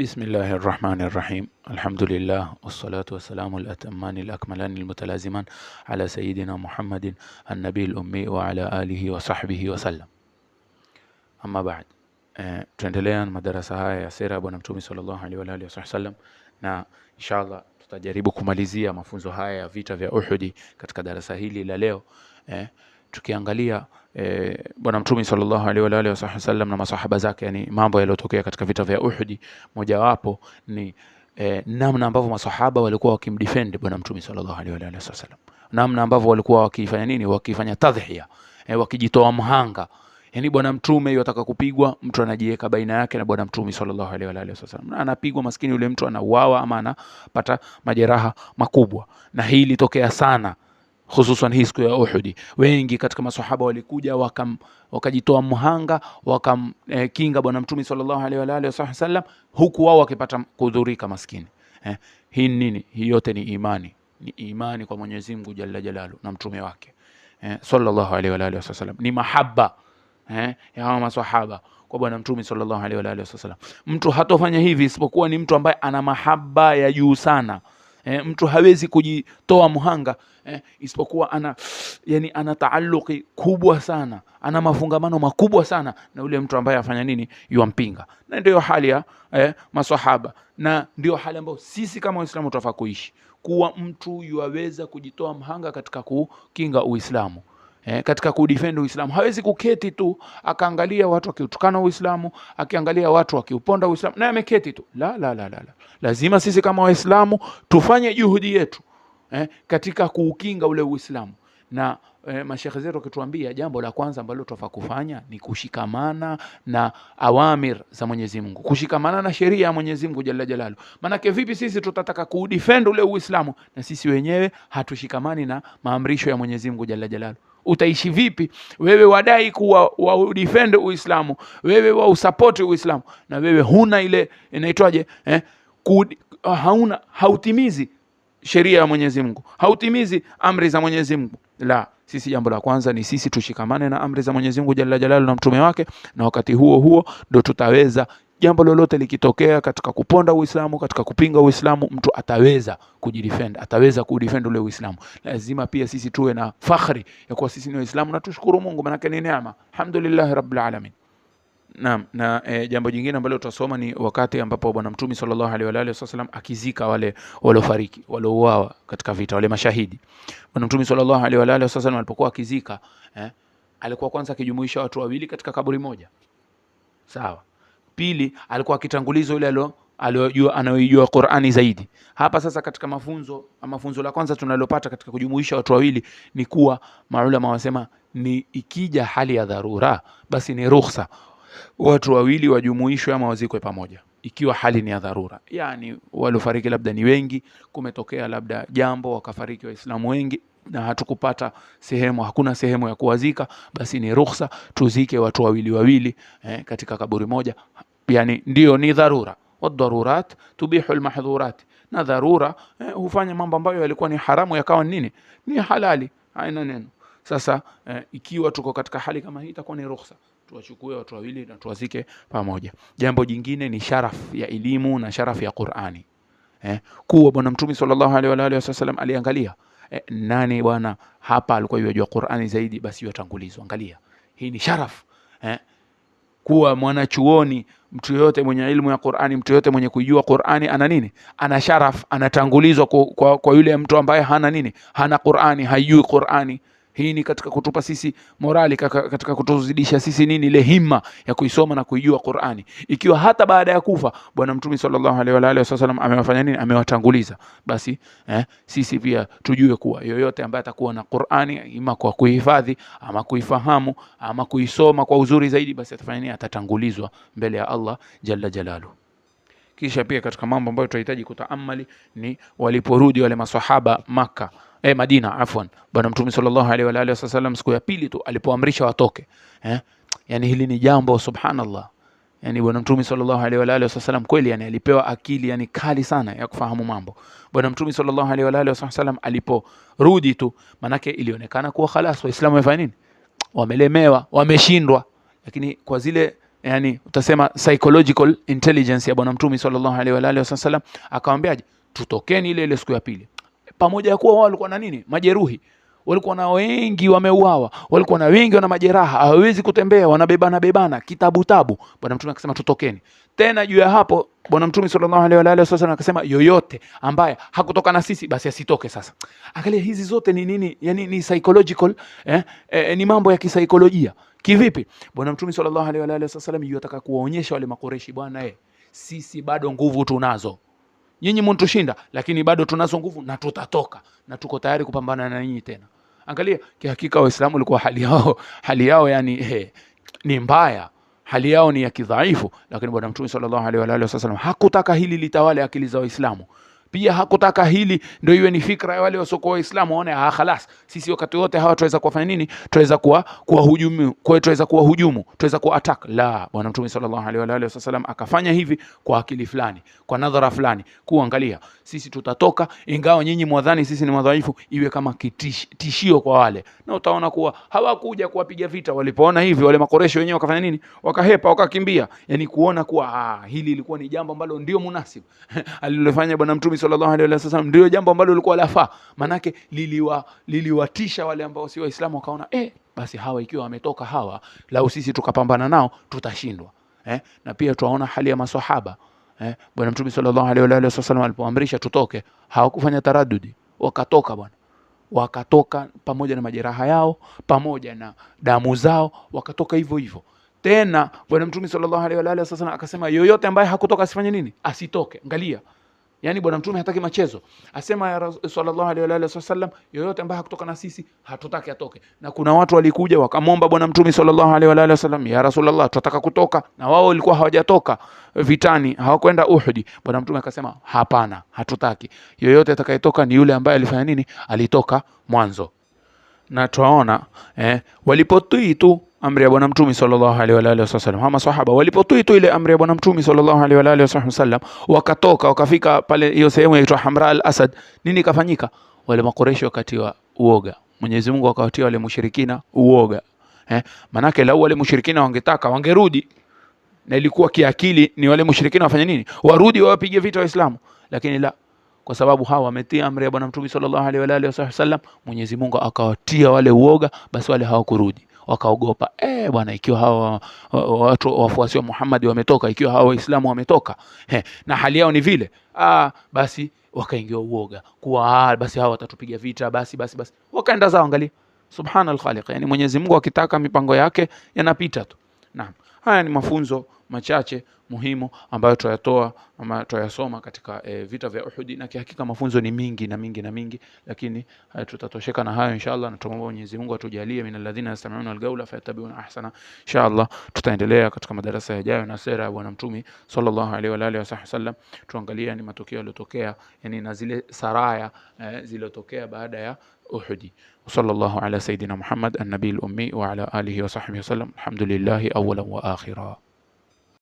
بسم الله الرحمن الرحيم الحمد لله والصلاة والسلام الأتمان الأكملان المتلازمان على سيدنا محمد النبي الأمي وعلى آله وصحبه وسلم أما بعد تندلين آه، مدرسة هاي سيرة بنا صلى الله عليه وآله وصحبه وسلم نا إن شاء الله تتجرب كماليزية مفونزو هاي فيتا في أحدي كتك درسة هيلي لليو آه، tukiangalia E, Bwana Mtume sallallahu alaihi wa alihi wasallam na masahaba zake, yani mambo yaliyotokea katika vita vya Uhud, mojawapo ni e, namna ambavyo masahaba walikuwa wakimdefend Bwana Mtume sallallahu alaihi wa alihi wasallam, namna ambavyo walikuwa wakifanya nini, wakifanya tadhhiya e, eh, wakijitoa mhanga. Yani Bwana Mtume yataka kupigwa, mtu anajiweka baina yake na Bwana Mtume sallallahu alaihi wa alihi wasallam, na anapigwa maskini yule mtu, anauawa ama anapata majeraha makubwa, na hii ilitokea sana hususan hii siku ya Uhudi, wengi katika maswahaba walikuja wakam, wakajitoa mhanga wakamkinga eh, bwana mtume sallallahu alaihi wa alihi wasallam, huku wao wakipata kudhurika maskini eh, hii nini? Hii yote ni imani, ni imani kwa Mwenyezi Mungu jalla jalalu na mtume wake eh, sallallahu alaihi wa alihi wasallam, ni mahaba eh, ya hawa maswahaba kwa bwana mtume sallallahu alaihi wa alihi wasallam. Mtu hatofanya hivi isipokuwa ni mtu ambaye ana mahaba ya juu sana eh, mtu hawezi kujitoa mhanga eh, isipokuwa ana yani ana taaluki kubwa sana, ana mafungamano makubwa sana na yule mtu ambaye afanya nini, yuampinga. Na ndiyo hali ya eh, maswahaba, na ndiyo hali ambayo sisi kama Waislamu tunafaa kuishi, kuwa mtu yuaweza kujitoa mhanga katika kukinga Uislamu eh, katika kudefend Uislamu. Hawezi kuketi tu akaangalia watu wakiutukana Uislamu, akiangalia watu wakiuponda Uislamu naye ameketi tu la, la, la, la. Lazima sisi kama Waislamu tufanye juhudi yetu eh, katika kuukinga ule Uislamu na eh, mashekhe zetu wakituambia, jambo la kwanza ambalo tunafaa kufanya ni kushikamana na awamir za Mwenyezi Mungu, kushikamana na sheria ya Mwenyezi Mungu jalla jalalu. Manake vipi sisi tutataka kudefend ule Uislamu na sisi wenyewe hatushikamani na maamrisho ya Mwenyezi Mungu jalla jalalu? utaishi vipi wewe wadai kuwa wa defend Uislamu, wewe wa Uislamu na wewe huna ile inaitwaje eh, hauna hautimizi sheria ya Mwenyezi Mungu, hautimizi amri za Mwenyezi Mungu. La, sisi jambo la kwanza ni sisi tushikamane na amri za Mwenyezi Mungu Jalla Jalalu na mtume wake, na wakati huo huo ndo tutaweza jambo lolote likitokea katika kuponda Uislamu, katika kupinga Uislamu, mtu ataweza kujidefend, ataweza kudefend ule Uislamu. Lazima pia sisi tuwe na fakhri ya kuwa sisi ni Waislamu na tushukuru Mungu, maanake ni neema. Alhamdulillah rabbil alamin na, na eh, e, jambo jingine ambalo tutasoma ni wakati ambapo Bwana Mtume sallallahu alaihi wa alihi wasallam akizika wale waliofariki waliouawa katika vita, wale mashahidi. Bwana Mtume sallallahu alaihi wa alihi wasallam alipokuwa akizika eh, alikuwa kwanza akijumuisha watu wawili katika kaburi moja, sawa. Pili alikuwa akitanguliza yule aliyojua anayojua Qur'ani zaidi. Hapa sasa katika mafunzo, mafunzo la kwanza tunalopata katika kujumuisha watu wawili ni kuwa maulama wasema ni ikija hali ya dharura, basi ni ruhusa watu wawili wajumuishwe ama wazikwe pamoja ikiwa hali ni ya dharura, yani waliofariki labda ni wengi, kumetokea labda jambo wakafariki Waislamu wengi na hatukupata sehemu, hakuna sehemu ya kuwazika, basi ni ruhusa tuzike watu wawili wawili eh, katika kaburi moja. Yani ndio ni dharura, wadharurat tubihu almahdhurat, na dharura eh, hufanya mambo ambayo yalikuwa ni haramu yakawa nini, ni halali, haina neno. Sasa eh, ikiwa tuko katika hali kama hii itakuwa ni ruhusa tuwachukue watu wawili na tuwazike pamoja. Jambo jingine ni sharaf ya elimu na sharaf ya Qur'ani eh, kuwa bwana Mtume sallallahu alaihi wa alihi wasallam aliangalia eh, nani bwana hapa alikuwa yajua Qur'ani zaidi, basi yatangulizwa. Angalia, hii ni sharaf eh, kuwa mwanachuoni, mtu yoyote mwenye ilmu ya Qur'ani, mtu yoyote mwenye kujua Qur'ani ana nini? Ana sharaf, anatangulizwa kwa, kwa, kwa yule mtu ambaye hana nini, hana Qur'ani, haijui Qur'ani. Hii ni katika kutupa sisi morali, katika kutuzidisha sisi nini, ile himma ya kuisoma na kuijua Qur'ani, ikiwa hata baada ya kufa Bwana Mtume sallallahu alaihi wa alihi wasallam amewafanya nini, amewatanguliza. Basi eh, sisi pia tujue kuwa yoyote ambaye atakuwa na Qur'ani ima kwa kuihifadhi ama kuifahamu ama kuisoma kwa uzuri zaidi, basi atafanya nini, atatangulizwa mbele ya Allah jalla jalalu. Kisha pia katika mambo ambayo tunahitaji kutaamali ni waliporudi wale maswahaba Maka eh, Madina afwan, Bwana Mtume sallallahu alaihi wa alihi wasallam siku ya pili tu alipoamrisha watoke eh, yani hili ni jambo subhanallah. Yani Bwana Mtume sallallahu alaihi wa alihi wasallam kweli yani alipewa akili yani kali sana ya kufahamu mambo. Bwana Mtume sallallahu alaihi wa alihi wasallam aliporudi tu, manake ilionekana kuwa khalas, Waislamu wamefanya nini? Wamelemewa, wameshindwa, lakini kwa zile yani utasema psychological intelligence ya bwana mtume sallallahu alaihi wa alihi wasallam. Akamwambiaje, tutokeni ile ile siku ya pili, pamoja ya kuwa wao walikuwa na nini, majeruhi walikuwa na wengi wameuawa, walikuwa na wengi wana majeraha, hawawezi kutembea, wanabebana bebana kitabu tabu. Bwana Mtume akasema tutokeni. Tena juu ya hapo, Bwana Mtume sallallahu alaihi wa alihi wasallam akasema yoyote ambaye hakutoka na sisi basi asitoke. Sasa angalia hizi zote ni nini? Yani ni psychological eh, eh, ni mambo ya kisaikolojia. Kivipi? Bwana Mtume sallallahu alaihi wa alihi wasallam yataka kuwaonyesha wale makoreshi, bwana eh, sisi bado nguvu tunazo nyinyi mntushinda, lakini bado tunazo nguvu na tutatoka na tuko tayari kupambana na nyinyi tena. Angalia, kihakika Waislamu walikuwa hali yao hali yao yani he, ni mbaya hali yao ni ya kidhaifu, lakini Bwana Mtume sallallahu alaihi wa alihi wasallam hakutaka hili litawale akili za Waislamu. Pia hakutaka hili ndio iwe ni fikra ya wale wasiokuwa Waislamu, waone ah, halas sisi wakati wote hawa tuweza kuwafanya nini? Tuweza kuwa kuwahujumu, kwa hiyo tuweza kuwahujumu, tuweza kuwa attack. La, Bwana Mtume sallallahu alaihi wa alihi wasallam akafanya hivi kwa akili fulani, kwa nadhara fulani, kuangalia sisi tutatoka, ingawa nyinyi mwadhani sisi ni madhaifu, iwe kama kitishio kwa wale, na utaona kuwa hawakuja kuwapiga vita. Walipoona hivi, wale makoresho wenyewe wakafanya nini? Wakahepa, wakakimbia, yani kuona kuwa ah, hili lilikuwa ni jambo ambalo ndio munasibu alilofanya Bwana Mtume sallallahu alaihi wasallam ndio jambo ambalo lilikuwa lafaa, manake liliwa liliwatisha wale ambao si Waislamu, wakaona eh, basi hawa ikiwa wametoka hawa, lau sisi tukapambana nao tutashindwa. Eh, na pia tunaona hali ya maswahaba eh, bwana Mtume sallallahu alaihi wasallam alipoamrisha tutoke, hawakufanya taraddudi wakatoka bwana wakatoka pamoja na majeraha yao pamoja na damu zao, wakatoka hivyo hivyo. Tena bwana Mtume sallallahu alaihi wa alihi wasallam akasema, yoyote ambaye hakutoka asifanye nini? Asitoke. Angalia yani bwana mtume hataki machezo. Asema sallallahu alaihi wa wasallam yoyote ambaye hakutoka na sisi hatutaki atoke. Na kuna watu walikuja wakamwomba bwana mtume sallallahu alaihi wa wasallam ya Rasulullah, tunataka kutoka, na wao walikuwa hawajatoka vitani, hawakwenda uhudi Bwana mtume akasema, hapana, hatutaki. Yoyote atakayetoka ni yule ambaye alifanya nini? Alitoka mwanzo. Na tuaona eh, walipotii tu amri ya Bwana Mtume sallallahu alaihi wa alihi wasallam. Hama sahaba walipotui tu ile amri ya Bwana Mtume sallallahu alaihi wa alihi wasallam, wakatoka wakafika pale hiyo sehemu inaitwa Hamra al-Asad. Nini kafanyika? Wale makoresho wakati wa uoga, Mwenyezi Mungu akawatia wale mushirikina uoga eh. Manake lau wale mushirikina wangetaka wangerudi, na ilikuwa kiakili ni wale mushirikina wafanye nini, warudi wawapige vita Waislamu, lakini la kwa sababu hawa wametia amri ya Bwana Mtume sallallahu alaihi wa alihi wasallam, Mwenyezi Mungu akawatia wale uoga, basi wale hawakurudi wakaogopa. Eh bwana, ikiwa hawa watu wafuasi wa Muhammad wametoka, ikiwa hawa Waislamu wametoka he, na hali yao ni vile ah, basi wakaingia uoga kuwa ah, basi hawa watatupiga vita, basi basi basi, wakaenda zao. Angalia subhanal khaliq, yani Mwenyezi Mungu akitaka mipango yake yanapita tu. Naam, haya ni mafunzo machache muhimu ambayo tuyatoa ama tuyasoma katika e, vita vya uhudi na kihakika mafunzo ni mingi na mingi na mingi, lakini e, tutatosheka na hayo inshallah, na tutamwomba Mwenyezi Mungu atujalie min alladhina yastami'una alqawla fayattabi'una ahsana. Inshallah tutaendelea katika madarasa yajayo na sera ya Bwana Mtume sallallahu alaihi wa alihi wasallam, tuangalia ni matukio yaliyotokea yani na zile saraya e, zilizotokea baada ya أحدي وصلى الله على سيدنا محمد النبي الأمي وعلى آله وصحبه وسلم الحمد لله أولا وآخرا